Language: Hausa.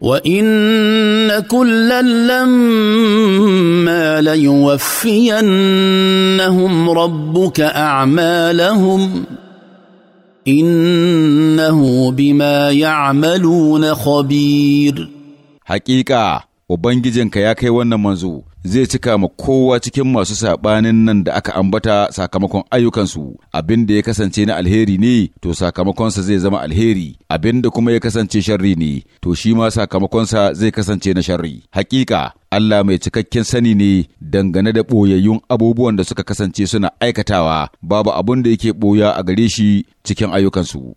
وان كلا لما ليوفينهم ربك اعمالهم انه بما يعملون خبير حقيقه Ubangijinka ya kai wannan manzo zai cika ma kowa cikin masu saɓanin nan da aka ambata sakamakon ayyukansu, abin da ya kasance na alheri ne, to sakamakonsa zai zama alheri, abin da kuma ya kasance sharri ne, to shi ma sakamakonsa zai kasance na sharri. Hakika, Allah mai cikakken sani ne dangane da ɓoyayyun abubuwan da suka kasance suna aikatawa, babu abin da yake ɓoya a gare shi cikin ayyukansu.